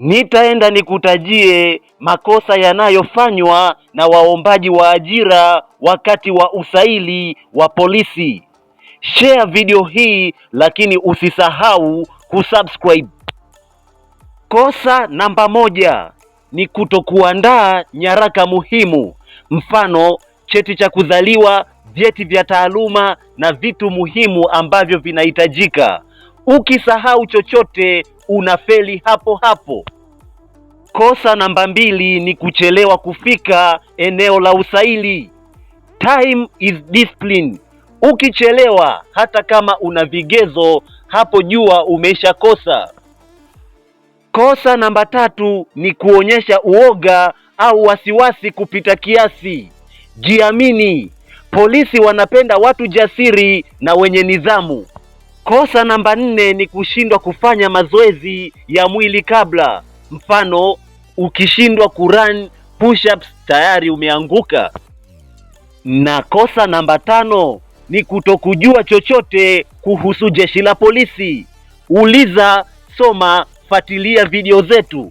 nitaenda nikutajie makosa yanayofanywa na waombaji wa ajira wakati wa usaili wa polisi. Share video hii, lakini usisahau kusubscribe. Kosa namba moja ni kutokuandaa nyaraka muhimu, mfano cheti cha kuzaliwa, vyeti vya taaluma na vitu muhimu ambavyo vinahitajika. Ukisahau chochote unafeli hapo hapo. Kosa namba mbili ni kuchelewa kufika eneo la usaili. Time is discipline. Ukichelewa hata kama una vigezo hapo, jua umesha kosa. Kosa namba tatu ni kuonyesha uoga au wasiwasi kupita kiasi. Jiamini. Polisi wanapenda watu jasiri na wenye nidhamu. Kosa namba nne ni kushindwa kufanya mazoezi ya mwili kabla. Mfano, ukishindwa kurun push ups tayari umeanguka. Na kosa namba tano ni kutokujua chochote kuhusu jeshi la polisi. Uliza, soma, fuatilia video zetu.